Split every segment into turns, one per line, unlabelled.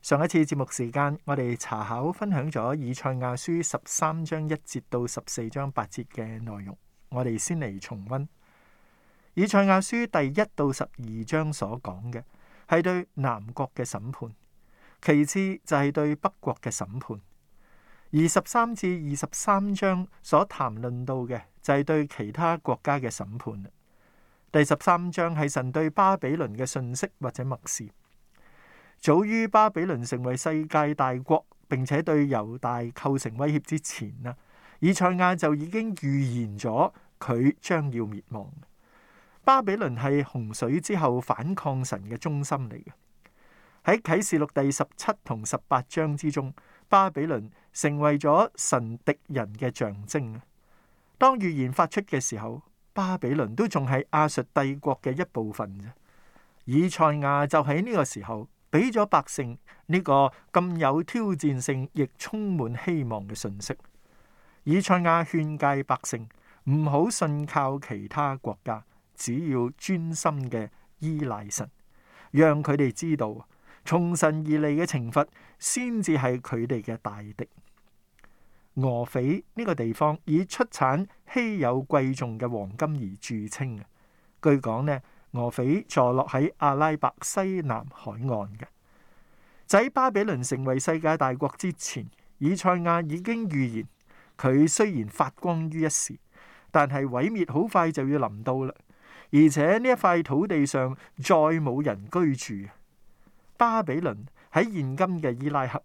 上一次節目時間，我哋查考分享咗以賽亞書十三章一節到十四章八節嘅內容。我哋先嚟重温以賽亞書第一到十二章所講嘅係對南國嘅審判，其次就係對北國嘅審判。而十三至二十三章所談論到嘅就係對其他國家嘅審判。第十三章係神對巴比倫嘅訊息或者默示。早於巴比倫成為世界大國，並且對猶大構成威脅之前啊，以賽亞就已經預言咗佢將要滅亡。巴比倫係洪水之後反抗神嘅中心嚟嘅。喺啟示錄第十七同十八章之中，巴比倫成為咗神敵人嘅象徵啊。當預言發出嘅時候，巴比倫都仲係亞述帝國嘅一部分啫。以賽亞就喺呢個時候。俾咗百姓呢個咁有挑戰性亦充滿希望嘅信息，以賽亞勸誡百姓唔好信靠其他國家，只要專心嘅依賴神，讓佢哋知道從神而嚟嘅懲罰先至係佢哋嘅大敵。俄斐呢個地方以出產稀有貴重嘅黃金而著稱嘅，據講呢。俄斐坐落喺阿拉伯西南海岸嘅仔，巴比倫成為世界大國之前，以賽亞已經預言佢雖然發光於一時，但係毀滅好快就要臨到啦。而且呢一塊土地上再冇人居住。巴比倫喺現今嘅伊拉克，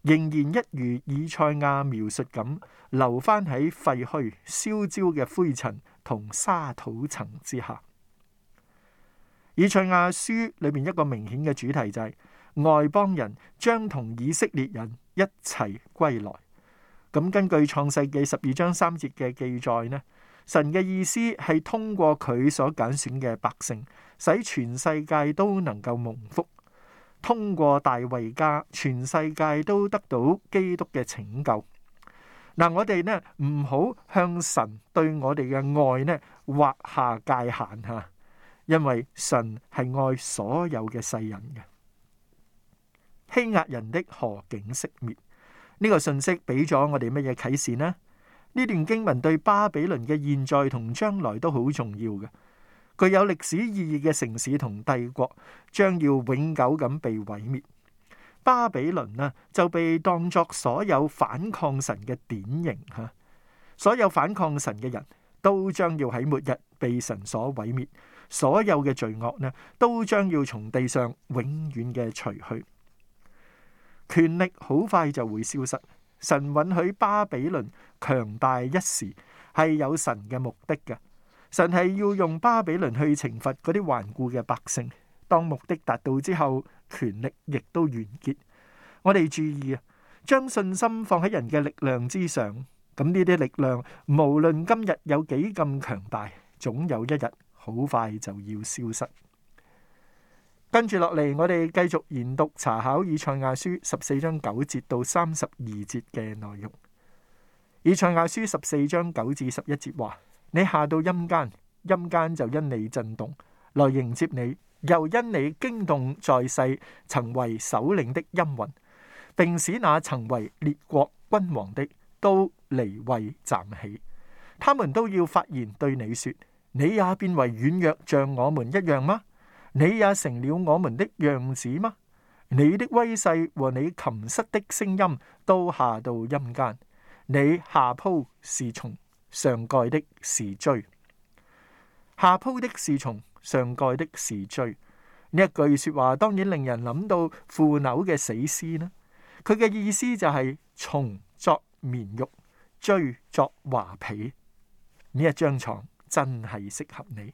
仍然一如以賽亞描述咁，留翻喺廢墟、燒焦嘅灰塵同沙土層之下。以賽亞書裏面一個明顯嘅主題就係，外邦人將同以色列人一齊歸來。咁根據創世記十二章三節嘅記載呢，神嘅意思係通過佢所揀選嘅百姓，使全世界都能夠蒙福。通過大衛家，全世界都得到基督嘅拯救。嗱，我哋呢唔好向神對我哋嘅愛呢劃下界限吓。因為神係愛所有嘅世人嘅。欺壓人的何竟息滅，呢個信息俾咗我哋乜嘢啟示呢？呢段經文對巴比倫嘅現在同將來都好重要嘅，具有歷史意義嘅城市同帝國將要永久咁被毀滅。巴比倫呢就被當作所有反抗神嘅典型吓，所有反抗神嘅人都將要喺末日被神所毀滅。所有嘅罪惡呢，都將要從地上永遠嘅除去。權力好快就會消失。神允許巴比倫強大一時，係有神嘅目的嘅。神係要用巴比倫去懲罰嗰啲頑固嘅百姓。當目的達到之後，權力亦都完結。我哋注意啊，將信心放喺人嘅力量之上，咁呢啲力量無論今日有幾咁強大，總有一日。好快就要消失。跟住落嚟，我哋繼續研讀查考以賽亞書十四章九節到三十二節嘅內容。以賽亞書十四章九至十一節話：你下到陰間，陰間就因你震動，來迎接你，又因你驚動在世曾為首領的陰魂，並使那曾為列國君王的都離位站起，他們都要發言對你說。你也變為軟弱，像我們一樣嗎？你也成了我們的樣子嗎？你的威勢和你琴瑟的聲音都下到陰間，你下鋪是蟲上蓋的是蛆，下鋪的是蟲上蓋的是蛆。呢一句說話當然令人諗到腐朽嘅死屍啦。佢嘅意思就係、是、蟲作綿褥，蛆作華被呢一張床。真係適合你，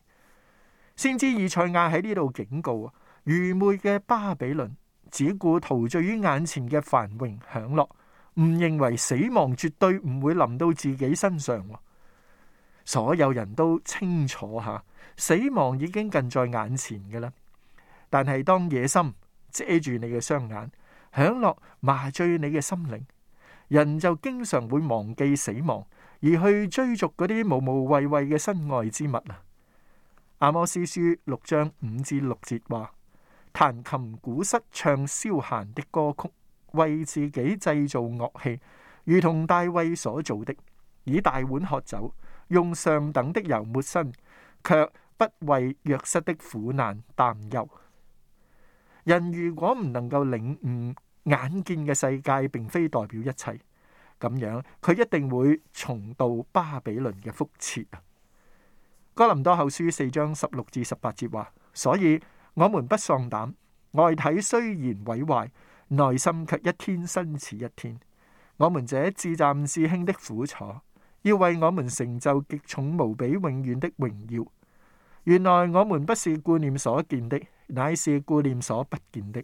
先知以賽亞喺呢度警告啊！愚昧嘅巴比倫只顧陶醉於眼前嘅繁榮享樂，唔認為死亡絕對唔會臨到自己身上。所有人都清楚下，死亡已經近在眼前㗎喇。但係當野心遮住你嘅雙眼，享樂麻醉你嘅心靈，人就經常會忘記死亡。而去追逐嗰啲無無謂謂嘅身外之物啊！阿摩司書六章五至六節話：彈琴、鼓瑟、唱消閒的歌曲，為自己製造樂器，如同大衛所做的，以大碗喝酒，用上等的油抹身，卻不為約瑟的苦難擔憂。人如果唔能夠領悟眼見嘅世界，並非代表一切。咁樣，佢一定會重蹈巴比倫嘅覆轍啊！哥林多後書四章十六至十八節話，所以我們不喪膽，外體雖然毀壞，內心卻一天新似一天。我們這至暫至輕的苦楚，要為我們成就極重無比永遠的榮耀。原來我們不是顧念所見的，乃是顧念所不見的。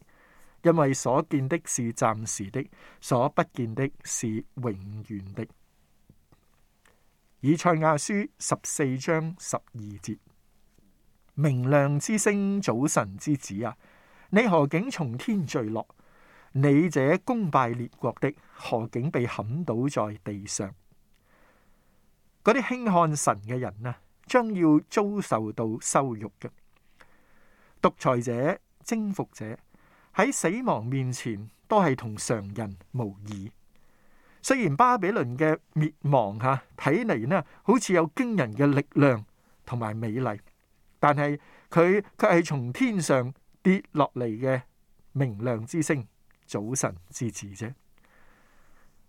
因為所見的是暫時的，所不見的是永遠的。以賽亞書十四章十二節：明亮之星，早晨之子啊，你何竟從天墜落？你這攻敗列國的，何竟被砍倒在地上？嗰啲輕看神嘅人呢，將要遭受到羞辱嘅，獨裁者、征服者。喺死亡面前都係同常人無異。雖然巴比倫嘅滅亡吓睇嚟呢，好似有驚人嘅力量同埋美麗，但係佢卻係從天上跌落嚟嘅明亮之星——早晨之子啫。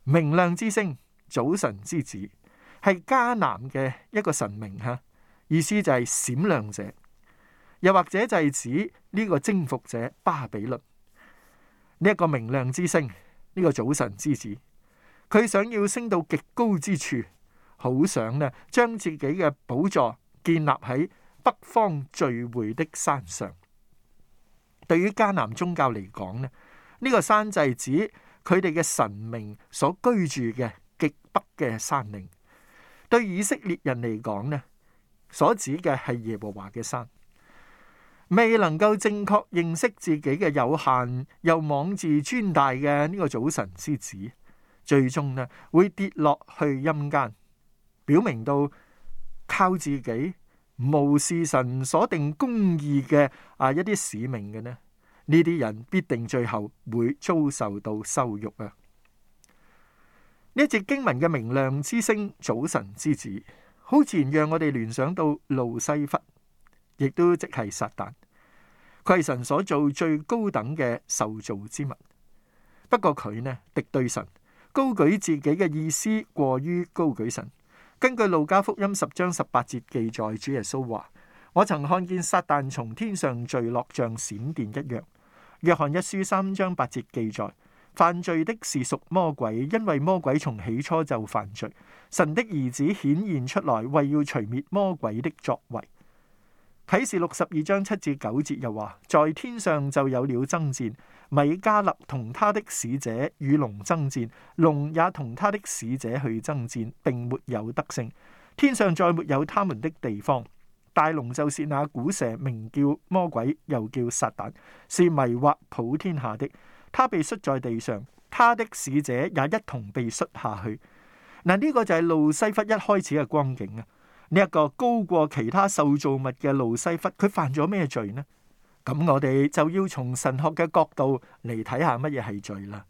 明亮之星——早晨之子係迦南嘅一個神明吓，意思就係閃亮者，又或者就係指呢個征服者巴比倫。呢一個明亮之星，呢個早晨之子，佢想要升到極高之處，好想呢將自己嘅寶座建立喺北方聚會的山上。對於迦南宗教嚟講呢，呢個山就指佢哋嘅神明所居住嘅極北嘅山嶺。對以色列人嚟講呢，所指嘅係耶和華嘅山。未能夠正確認識自己嘅有限，又妄自尊大嘅呢個早晨之子，最終呢會跌落去陰間，表明到靠自己無視神所定公義嘅啊一啲使命嘅呢，呢啲人必定最後會遭受到羞辱啊！呢一隻經文嘅明亮之星，早晨之子，好自然讓我哋聯想到路西弗。亦都即係撒旦，佢係神所做最高等嘅受造之物。不過佢呢敵對神，高舉自己嘅意思過於高舉神。根據路加福音十章十八節記載，主耶穌話：我曾看見撒旦從天上墜落，像閃電一樣。約翰一書三章八節記載，犯罪的是屬魔鬼，因為魔鬼從起初就犯罪。神的兒子顯現出來，為要除滅魔鬼的作為。啟示六十二章七至九節又話，在天上就有了爭戰，米迦勒同他的使者與龍爭戰，龍也同他的使者去爭戰，並沒有得勝。天上再沒有他們的地方。大龍就是那古蛇，名叫魔鬼，又叫撒旦，是迷惑普天下的。他被摔在地上，他的使者也一同被摔下去。嗱，呢個就係路西弗一開始嘅光景啊！呢一個高過其他受造物嘅路西弗，佢犯咗咩罪呢？咁我哋就要從神學嘅角度嚟睇下乜嘢係罪啦。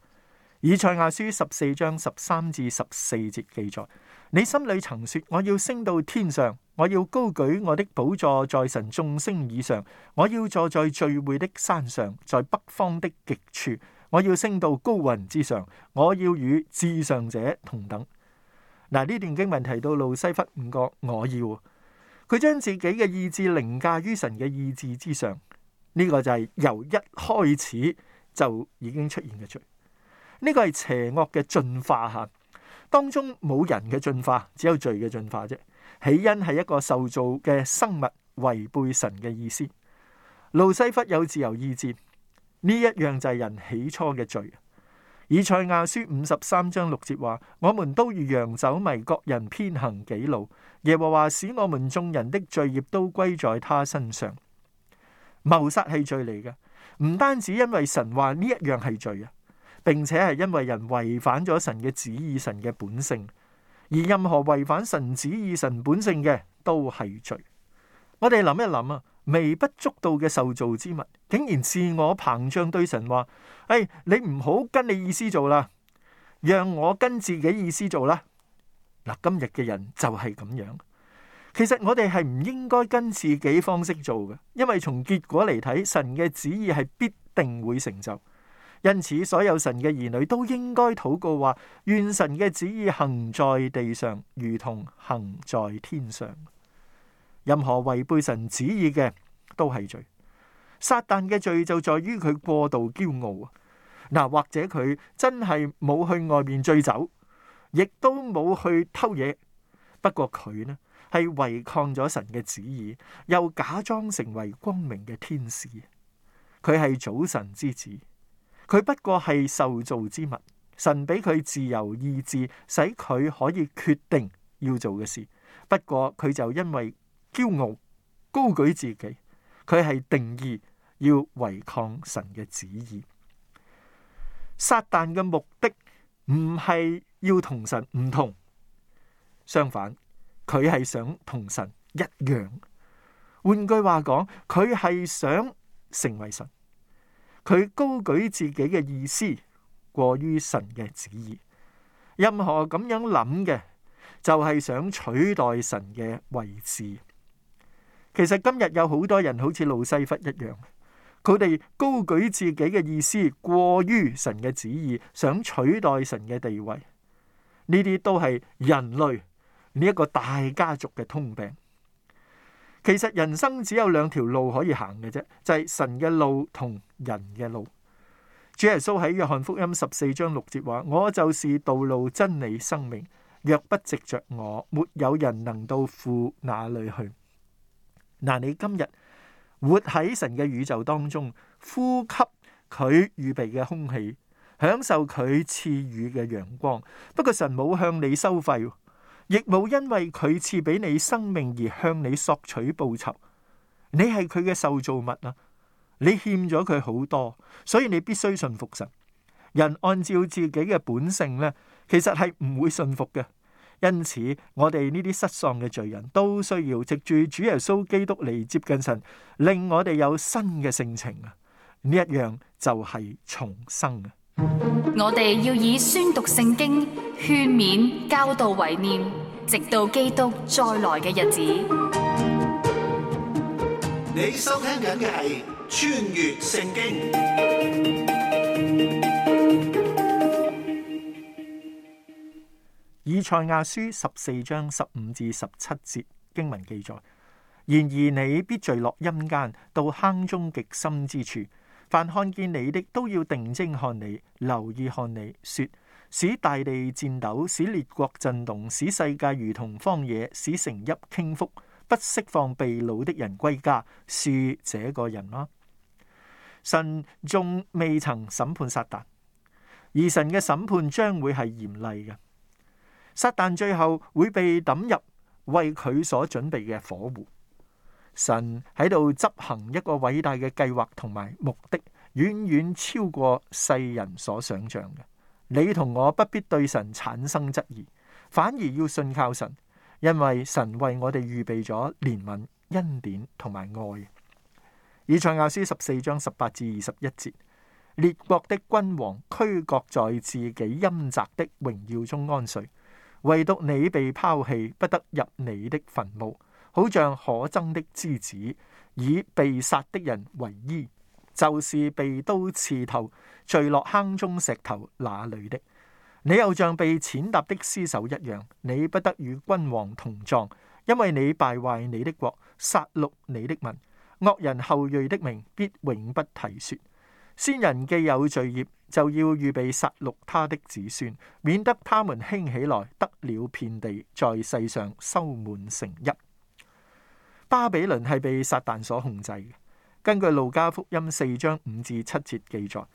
以賽亞書十四章十三至十四節記載：你心裏曾說：我要升到天上，我要高舉我的寶座在神眾星以上，我要坐在聚會的山上，在北方的極處，我要升到高雲之上，我要與至上者同等。嗱，呢段經文提到路西弗五個我要，佢將自己嘅意志凌駕於神嘅意志之上，呢、這個就係由一開始就已經出現嘅罪。呢、這個係邪惡嘅進化吓，當中冇人嘅進化，只有罪嘅進化啫。起因係一個受造嘅生物違背神嘅意思，路西弗有自由意志，呢一樣就係人起初嘅罪。以賽亞書五十三章六節話：我們都如羊走迷，各人偏行己路。耶和華使我們眾人的罪孽都歸在他身上。謀殺係罪嚟嘅，唔單止因為神話呢一樣係罪啊，並且係因為人違反咗神嘅旨意，神嘅本性。而任何違反神旨意、神本性嘅都係罪。我哋諗一諗啊。微不足道嘅受造之物，竟然自我膨脹，對神話：哎，你唔好跟你意思做啦，讓我跟自己意思做啦。嗱，今日嘅人就係咁樣。其實我哋係唔應該跟自己方式做嘅，因為從結果嚟睇，神嘅旨意係必定會成就。因此，所有神嘅兒女都應該禱告話：願神嘅旨意行在地上，如同行在天上。任何違背神旨意嘅都係罪。撒旦嘅罪就在於佢過度驕傲啊！嗱，或者佢真係冇去外面醉酒，亦都冇去偷嘢，不過佢呢係違抗咗神嘅旨意，又假裝成為光明嘅天使。佢係早晨之子，佢不過係受造之物。神俾佢自由意志，使佢可以決定要做嘅事。不過佢就因為驕傲高舉自己，佢係定義要違抗神嘅旨意。撒旦嘅目的唔係要同神唔同，相反佢係想同神一樣。換句話講，佢係想成為神。佢高舉自己嘅意思過於神嘅旨意。任何咁樣諗嘅，就係想取代神嘅位置。其實今日有好多人好似路西弗一樣，佢哋高舉自己嘅意思，過於神嘅旨意，想取代神嘅地位。呢啲都係人類呢一個大家族嘅通病。其實人生只有兩條路可以行嘅啫，就係神嘅路同人嘅路。主耶穌喺約翰福音十四章六節話：我就是道路、真理、生命，若不藉着我，沒有人能到父那裏去。嗱，你今日活喺神嘅宇宙當中，呼吸佢預備嘅空氣，享受佢賜予嘅陽光。不過神冇向你收費，亦冇因為佢賜俾你生命而向你索取報酬。你係佢嘅受造物啊，你欠咗佢好多，所以你必須信服神。人按照自己嘅本性咧，其實，係唔會信服嘅。因此，我哋呢啲失喪嘅罪人都需要藉住主耶穌基督嚟接近神，令我哋有新嘅性情啊！呢一樣就係重生啊！我哋要以宣讀聖經、勸勉、教導為念，直到基督再來嘅日子。你收聽緊嘅係《穿越聖經》。以賽亞書十四章十五至十七節經文記載：然而你必墜落陰間，到坑中極深之處。凡看見你的都要定睛看你，留意看你，說：使大地顫抖，使列國震動，使世界如同荒野，使城邑傾覆，不釋放被擄的人歸家。是這個人嗎？神仲未曾審判撒旦，而神嘅審判將會係嚴厲嘅。撒旦最後會被抌入為佢所準備嘅火湖。神喺度執行一個偉大嘅計劃同埋目的，遠遠超過世人所想象嘅。你同我不必對神產生質疑，反而要信靠神，因為神為我哋預備咗憐憫、恩典同埋愛。以賽亞書十四章十八至二十一節：列國的君王俱各在自己陰宅的榮耀中安睡。唯獨你被拋棄，不得入你的墳墓，好像可憎的枝子，以被殺的人為依，就是被刀刺透、墜落坑中石頭那裡的。你又像被踐踏的屍首一樣，你不得與君王同葬，因為你敗壞你的國，殺戮你的民，惡人後裔的名必永不提說，先人既有罪孽。就要預備殺戮他的子孫，免得他們興起來得了遍地，在世上收滿成一。巴比倫係被撒但所控制嘅。根據路加福音四章五至七節記載，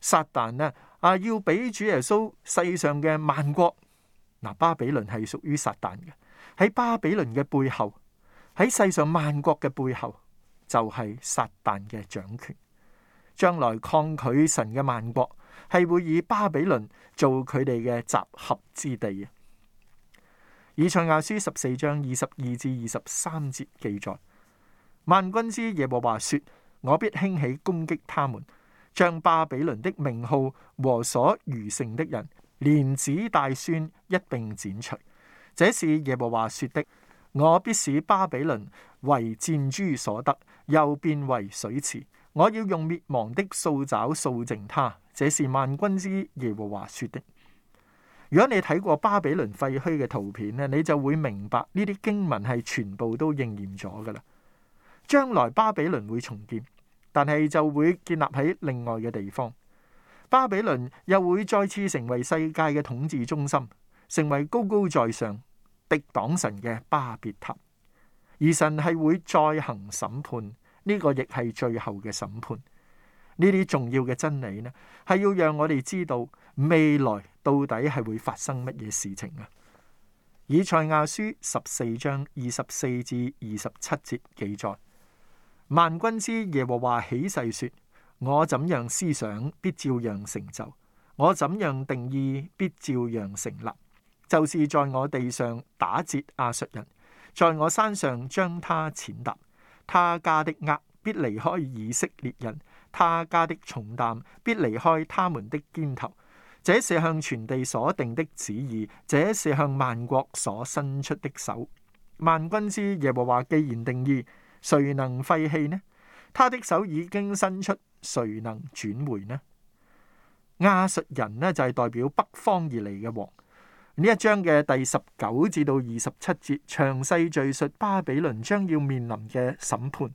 撒但呢，阿、啊、要俾主耶穌世上嘅萬國，嗱巴比倫係屬於撒但嘅。喺巴比倫嘅背後，喺世上萬國嘅背後，就係、是、撒但嘅掌權。將來抗拒神嘅萬國。係會以巴比倫做佢哋嘅集合之地啊！以賽亞書十四章二十二至二十三節記載：萬軍之耶和華說：我必興起攻擊他們，將巴比倫的名號和所餘剩的人，連子帶孫一併剪除。這是耶和華說的：我必使巴比倫為箭豬所得，又變為水池。我要用滅亡的掃帚掃淨他，這是萬軍之耶和華說的。如果你睇過巴比倫廢墟嘅圖片呢，你就會明白，呢啲經文係全部都應驗咗噶啦。將來巴比倫會重建，但係就會建立喺另外嘅地方。巴比倫又會再次成為世界嘅統治中心，成為高高在上、敵擋神嘅巴別塔，而神係會再行審判。呢個亦係最後嘅審判，呢啲重要嘅真理呢，係要讓我哋知道未來到底係會發生乜嘢事情啊？以賽亞書十四章二十四至二十七節記載：萬軍之耶和華起誓說：我怎樣思想，必照樣成就；我怎樣定義，必照樣成立。就是在我地上打折亞述人，在我山上將他踐踏。他家的軛必離開以色列人，他家的重擔必離開他們的肩頭。這是向全地所定的旨意，這是向萬國所伸出的手。萬軍之耶和華既然定意，誰能廢棄呢？他的手已經伸出，誰能轉回呢？亞述人呢，就係代表北方而嚟嘅王。呢一章嘅第十九至到二十七節，詳細敘述巴比倫將要面臨嘅審判，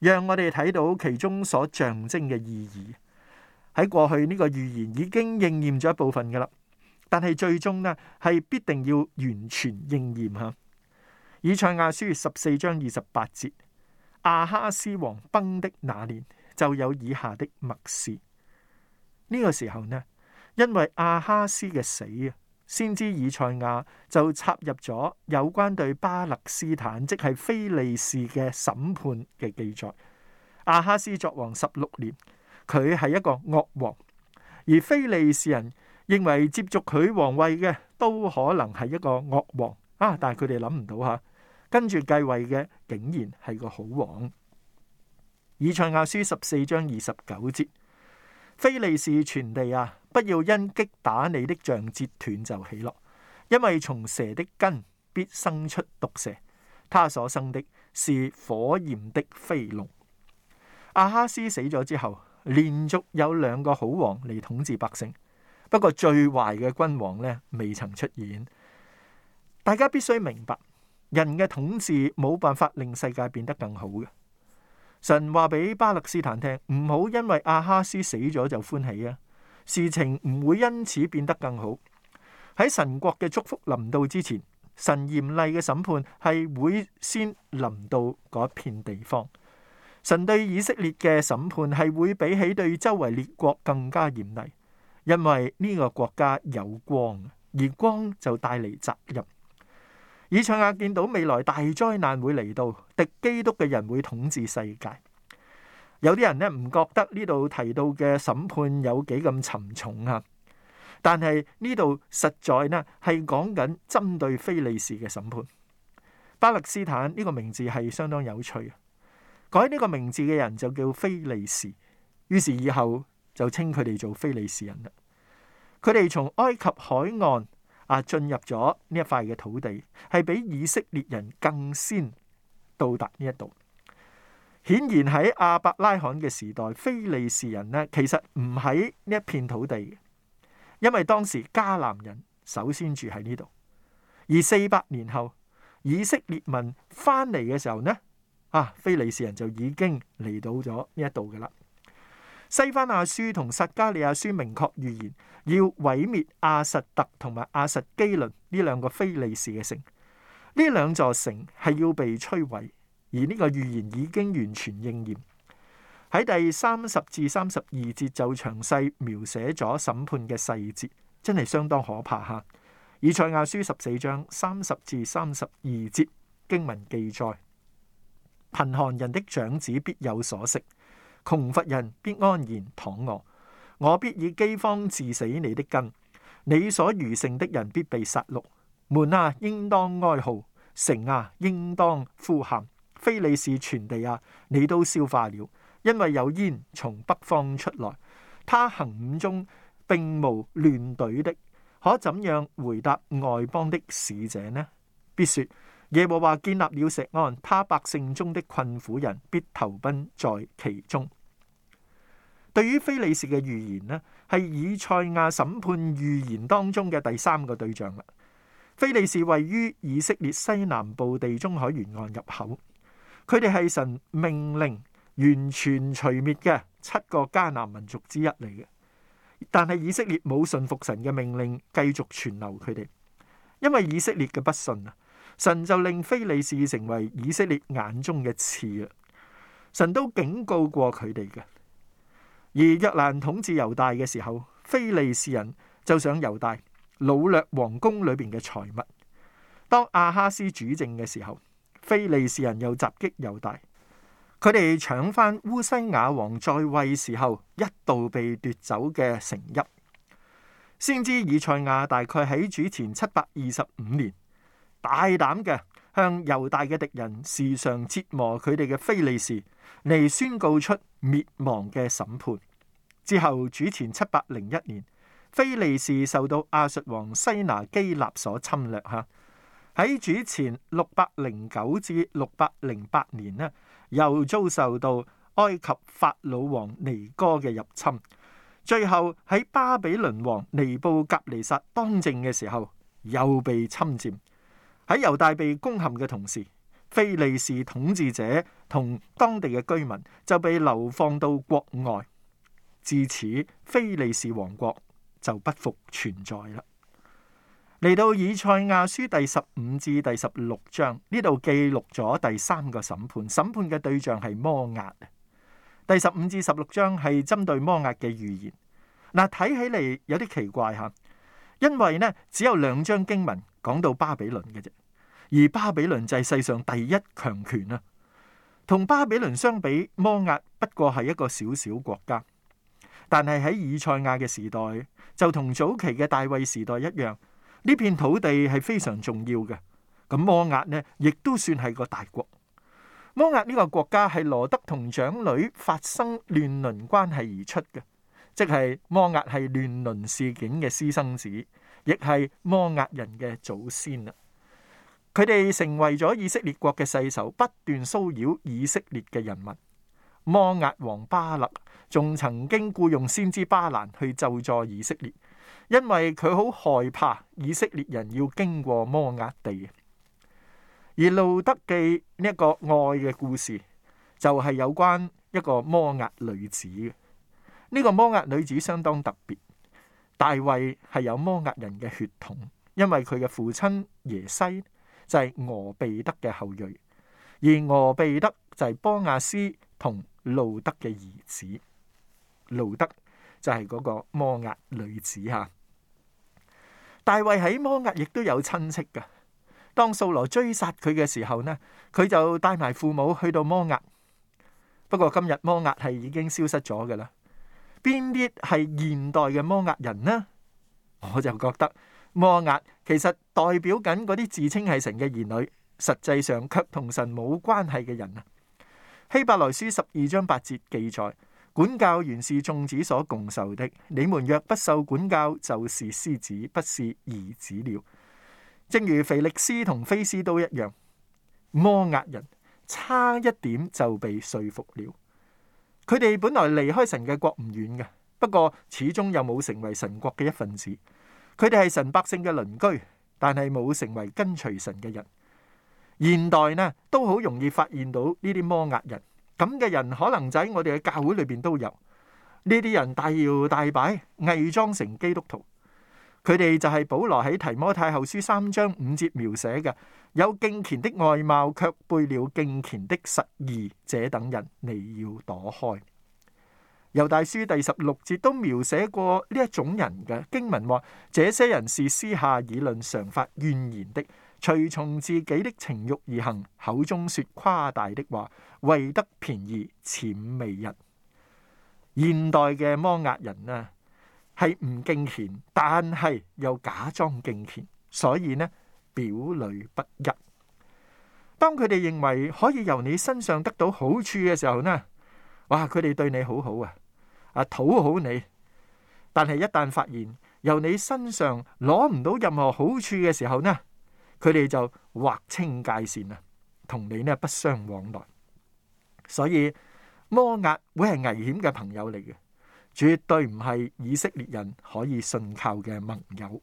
讓我哋睇到其中所象徵嘅意義。喺過去呢個預言已經應驗咗一部分噶啦，但係最終呢係必定要完全應驗吓。以賽亞書十四章二十八節，阿哈斯王崩的那年，就有以下的默示。呢個時候呢，因為阿哈斯嘅死啊。先知以賽亞就插入咗有關對巴勒斯坦即係非利士嘅審判嘅記載。亞哈斯作王十六年，佢係一個惡王，而非利士人認為接續佢王位嘅都可能係一個惡王啊！但係佢哋諗唔到吓，跟住繼位嘅竟然係個好王。以賽亞書十四章二十九節，非利士全地啊！不要因擊打你的杖折斷就喜樂，因為從蛇的根必生出毒蛇，它所生的是火焰的飛龍。亞哈斯死咗之後，連續有兩個好王嚟統治百姓，不過最壞嘅君王呢，未曾出現。大家必須明白，人嘅統治冇辦法令世界變得更好嘅。神話俾巴勒斯坦聽，唔好因為亞哈斯死咗就歡喜啊！事情唔會因此變得更好。喺神國嘅祝福臨到之前，神嚴厲嘅審判係會先臨到嗰片地方。神對以色列嘅審判係會比起對周圍列國更加嚴厲，因為呢個國家有光，而光就帶嚟責任。以賽亞見到未來大災難會嚟到，敵基督嘅人會統治世界。有啲人咧，唔覺得呢度提到嘅審判有幾咁沉重啊！但係呢度實在呢，係講緊針對非利士嘅審判。巴勒斯坦呢個名字係相當有趣啊！改呢個名字嘅人就叫非利士，於是以後就稱佢哋做非利士人啦。佢哋從埃及海岸啊，進入咗呢一塊嘅土地，係比以色列人更先到達呢一度。顯然喺亞伯拉罕嘅時代，非利士人呢，其實唔喺呢一片土地，因為當時迦南人首先住喺呢度，而四百年後以色列民翻嚟嘅時候呢，啊，非利士人就已經嚟到咗呢一度嘅啦。西番亞書同撒迦利亞書明確預言要毀滅亞實突同埋亞實基倫呢兩個非利士嘅城，呢兩座城係要被摧毀。而呢個預言已經完全應驗，喺第三十至三十二節就詳細描寫咗審判嘅細節，真係相當可怕吓。以賽亞書十四章三十至三十二節經文記載：貧寒人的長子必有所食，窮乏人必安然躺臥。我必以饑荒致死你的根，你所餘剩的人必被殺戮。門啊，應當哀號；城啊，應當呼喊。非利士全地啊，你都消化了，因為有煙從北方出來。他行伍中，並無亂隊的，可怎樣回答外邦的使者呢？必說耶和華建立了錫安，他百姓中的困苦人必投奔在其中。對於非利士嘅預言呢，係以賽亞審判預言當中嘅第三個對象啦。非利士位於以色列西南部地中海沿岸入口。佢哋係神命令完全除滅嘅七個迦南民族之一嚟嘅，但係以色列冇信服神嘅命令，繼續存留佢哋，因為以色列嘅不信啊，神就令非利士成為以色列眼中嘅刺啊！神都警告過佢哋嘅，而約蘭統治猶大嘅時候，非利士人就想猶大擄掠王宮裏邊嘅財物。當亞哈斯主政嘅時候。非利士人又襲擊猶大，佢哋搶翻烏西雅王在位時候一度被奪走嘅城邑，先知以賽亞大概喺主前七百二十五年大膽嘅向猶大嘅敵人事上折磨佢哋嘅非利士嚟宣告出滅亡嘅審判。之後主前七百零一年，非利士受到亞述王西拿基立所侵略吓。喺主前六百零九至六百零八年呢，又遭受到埃及法老王尼哥嘅入侵，最後喺巴比倫王尼布甲尼撒當政嘅時候，又被侵占。喺猶大被攻陷嘅同時，非利士統治者同當地嘅居民就被流放到國外，至此非利士王國就不復存在啦。嚟到以賽亞書第十五至第十六章，呢度記錄咗第三個審判。審判嘅對象係摩押。第十五至十六章係針對摩押嘅預言。嗱，睇起嚟有啲奇怪吓，因為呢只有兩章經文講到巴比倫嘅啫，而巴比倫就係世上第一強權啊。同巴比倫相比，摩押不過係一個小小國家，但係喺以賽亞嘅時代，就同早期嘅大衛時代一樣。呢片土地係非常重要嘅，咁摩押呢，亦都算係個大國。摩押呢個國家係羅德同長女發生亂倫關係而出嘅，即係摩押係亂倫事件嘅私生子，亦係摩押人嘅祖先啊！佢哋成為咗以色列國嘅世仇，不斷騷擾以色列嘅人民。摩押王巴勒仲曾經雇用先知巴蘭去救助以色列。因為佢好害怕以色列人要經過摩押地，而路德記呢一個愛嘅故事就係、是、有關一個摩押女子嘅。呢、這個摩押女子相當特別，大衛係有摩押人嘅血統，因為佢嘅父親耶西就係俄備德嘅後裔，而俄備德就係波亞斯同路德嘅兒子，路德就係嗰個摩押女子吓。大衛喺摩押亦都有親戚噶。當掃羅追殺佢嘅時候呢，佢就帶埋父母去到摩押。不過今日摩押係已經消失咗噶啦。邊啲係現代嘅摩押人呢？我就覺得摩押其實代表緊嗰啲自稱係神嘅兒女，實際上卻同神冇關係嘅人啊。希伯來書十二章八節記載。管教原是眾子所共受的，你們若不受管教，就是私子，不是兒子了。正如腓力斯同非斯都一樣，摩押人差一點就被說服了。佢哋本來離開神嘅國唔遠嘅，不過始終又冇成為神國嘅一份子。佢哋係神百姓嘅鄰居，但係冇成為跟隨神嘅人。現代呢都好容易發現到呢啲摩押人。咁嘅人可能就喺我哋嘅教會裏面都有。呢啲人大搖大擺，偽裝成基督徒，佢哋就係保羅喺提摩太後書三章五節描寫嘅，有敬虔的外貌，卻背了敬虔的實意，這等人你要躲開。猶大書第十六節都描寫過呢一種人嘅，經文話，這些人是私下議論常發怨言的。隨從自己的情欲而行，口中說誇大的話，為得便宜，諂媚人。現代嘅摩押人啊，係唔敬虔，但係又假裝敬虔，所以呢，表裏不一。當佢哋認為可以由你身上得到好處嘅時候呢，哇！佢哋對你好好啊，啊討好你。但係一旦發現由你身上攞唔到任何好處嘅時候呢，佢哋就劃清界線啊，同你呢不相往來。所以摩押會係危險嘅朋友嚟嘅，絕對唔係以色列人可以信靠嘅盟友。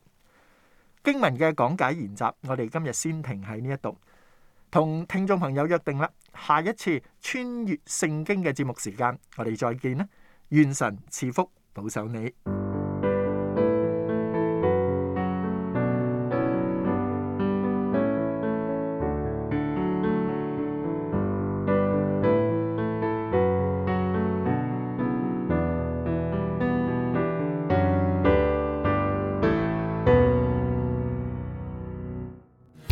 經文嘅講解研習，我哋今日先停喺呢一度，同聽眾朋友約定啦。下一次穿越聖經嘅節目時間，我哋再見啦。願神賜福保守你。